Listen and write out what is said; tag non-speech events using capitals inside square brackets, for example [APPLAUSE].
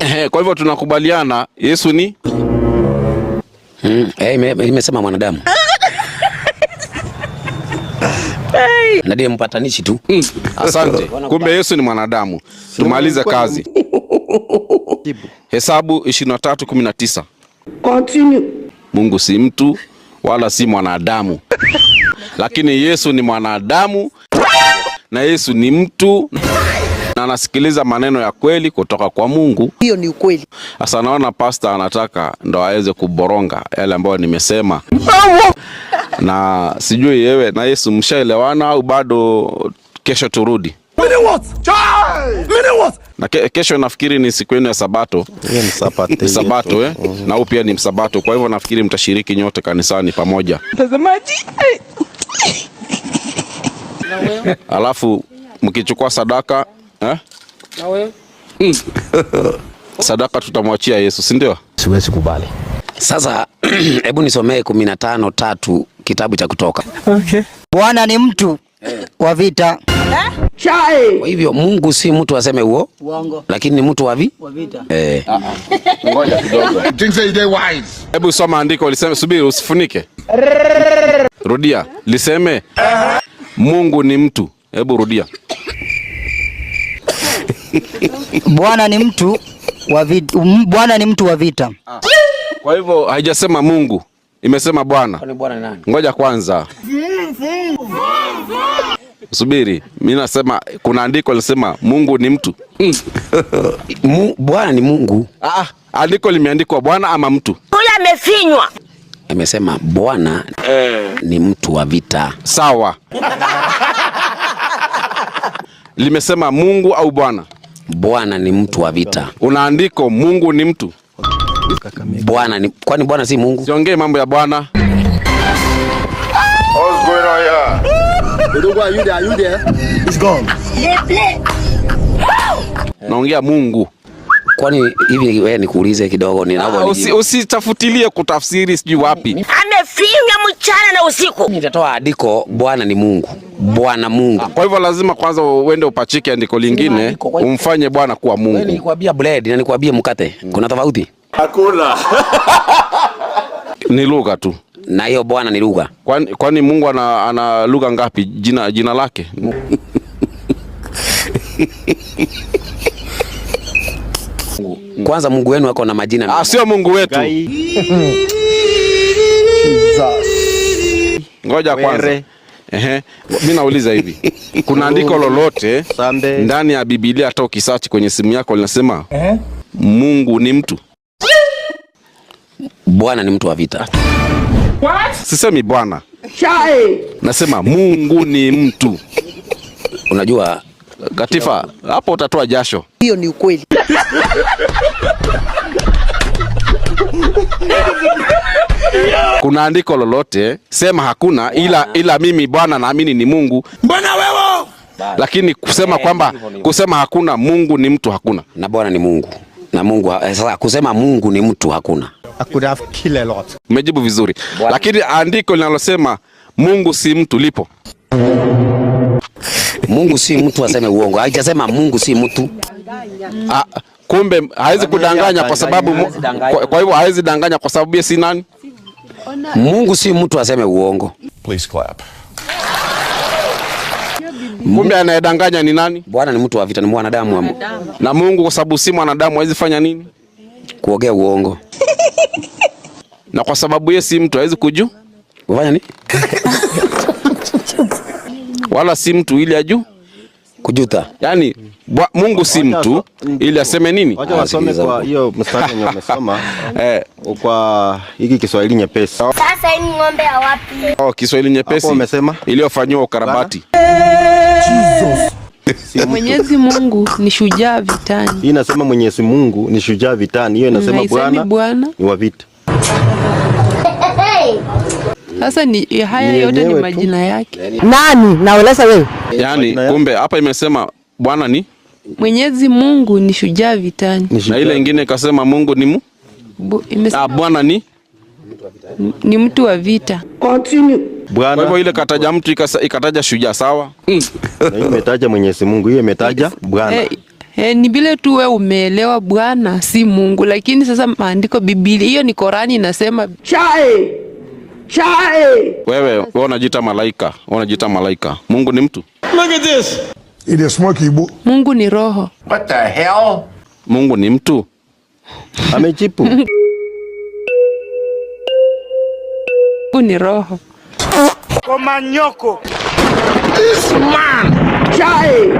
Ehe, kwa hivyo tunakubaliana Yesu ni mm, eh, imesema mwanadamu na ndiye mpatanishi tu. Mm, asante. Kumbe Yesu ni mwanadamu. Tumalize kazi. Hesabu 23:19. Continue. Mungu si mtu wala si mwanadamu lakini Yesu ni mwanadamu na Yesu ni mtu anasikiliza maneno ya kweli kutoka kwa Mungu. Hiyo ni ukweli. Sasa naona pasta anataka ndo aweze kuboronga yale ambayo nimesema [LAUGHS] na sijui yewe na Yesu mshaelewana au bado? Kesho turudi na ke, kesho nafikiri ni siku yenu ya Sabato, ni Sabato eh? na huu pia ni Msabato, kwa hivyo nafikiri mtashiriki nyote kanisani pamoja. Mtazamaji, alafu mkichukua sadaka na wewe? Mm. [LAUGHS] Sadaka tutamwachia Yesu, si ndio? Siwezi kubali. Sasa [CLEARS THROAT] hebu nisomee kumi na tano tatu kitabu cha Kutoka. Okay. Bwana ni mtu eh. wa vita. Eh? Chai. Kwa hivyo Mungu si mtu aseme huo. uongo, lakini ni mtu wa vi? wa vita. Eh. Ah, ah. Ngoja kidogo. [LAUGHS] Things say they wise. Hebu soma andiko liseme, subiri usifunike. Rudia, liseme Mungu ni mtu. Hebu rudia. Um, Bwana ni mtu wa vita. Bwana ah. ni mtu wa vita. Kwa hivyo haijasema Mungu, imesema Bwana. Ngoja kwanza subiri, mi nasema kuna andiko linasema Mungu ni mtu mm. Bwana ni Mungu. Ah, andiko limeandikwa Bwana ama mtu? Yule amefinywa. Imesema Bwana eh, ni mtu wa vita. Sawa. [LAUGHS] Limesema Mungu au Bwana? Bwana ni mtu wa vita. Unaandiko Mungu ni mtu Bwana ni kwani Bwana si Mungu? Siongee mambo ya Bwana. Naongea Mungu. Kwani hivi wewe nikuulize kidogo ni ah, usi, usitafutilie kutafsiri sijui wapi. Amefinya mchana na usiku. Nitatoa andiko Bwana ni Mungu. Bwana Mungu. Kwa hivyo lazima kwanza uende upachike andiko lingine umfanye Bwana kuwa Mungu. Wewe nikwambia bread na nikwambia mkate, hmm. kuna tofauti? Hakuna. [LAUGHS] Ni lugha tu. Na hiyo Bwana ni lugha. Kwani kwa Mungu ana, ana lugha ngapi? Jina jina lake. [LAUGHS] Kwanza Mungu wenu ako na majina. Ah, sio Mungu wetu. [LAUGHS] Ngoja kwanza. Ehe, mimi nauliza hivi, kuna andiko lolote ndani ya Biblia hata ukisearch kwenye simu yako linasema eh? Mungu ni mtu? Bwana ni mtu wa vita. What? Sisemi Bwana, nasema Mungu ni mtu. Unajua Katifa, hapo utatoa jasho. Hiyo ni ukweli. [LAUGHS] kuna andiko lolote, sema hakuna, ila ila mimi Bwana naamini ni Mungu. Mbona wewe? Lakini kusema eh, kwamba kusema hakuna Mungu ni mtu hakuna, na Bwana ni Mungu na Mungu. Eh, sasa kusema Mungu ni mtu hakuna, umejibu vizuri Bwana. Lakini andiko linalosema Mungu si mtu lipo? Mungu si mtu aseme uongo, haijasema Mungu si mtu ah, kumbe hawezi kudanganya kwa sababu, kwa hivyo hawezi danganya kwa sababu yeye si nani? Mungu si mtu aseme uongo. Please clap. Kumbe anayedanganya ni nani? Bwana ni mtu wa vita, ni mwanadamu. Na Mungu kwa sababu si mwanadamu hawezi fanya nini? Kuongea uongo. [LAUGHS] Na kwa sababu yeye si mtu hawezi kujua. Kufanya nini? Wala si mtu ili ajue kujuta. Yani bwa, Mungu si mtu ili aseme nini. Wacha wasome kwa hiyo mstari wenye umesoma [LAUGHS] eh, kwa hiki Kiswahili nyepesi. Sasa hii ng'ombe ya wapi? Oh, Kiswahili nyepesi umesema iliyofanywa ukarabati. Jesus. [LAUGHS] Mwenyezi Mungu ni shujaa vitani. Hii inasema Mwenyezi Mungu ni shujaa vitani. Hiyo inasema Bwana ni wa vita. Sasa ni haya yote ni majina yake yaani- nani? Naeleza wewe, yaani kumbe hapa imesema Bwana ni Mwenyezi Mungu ni shujaa vitani, na ile ingine ikasema Mungu ni mu ah, Bwana ni ni mtu wa vita. Continue. Bwana. Kwa hivyo ile kataja mtu ikataja shujaa sawa? Mm. Na hiyo imetaja Mwenyezi Mungu, hiyo imetaja Bwana. Eh, eh, ni vile tu wewe umeelewa Bwana si Mungu, lakini sasa maandiko Biblia hiyo ni Korani inasema Chai chai. Wewe wewe unajiita malaika, wewe unajiita malaika. Mungu ni mtu? Look at this. It is smoky bu. Mungu ni roho. What the hell? Mungu ni mtu? Amejipu. [LAUGHS] Mungu ni roho. Komanyoko. This man. chai.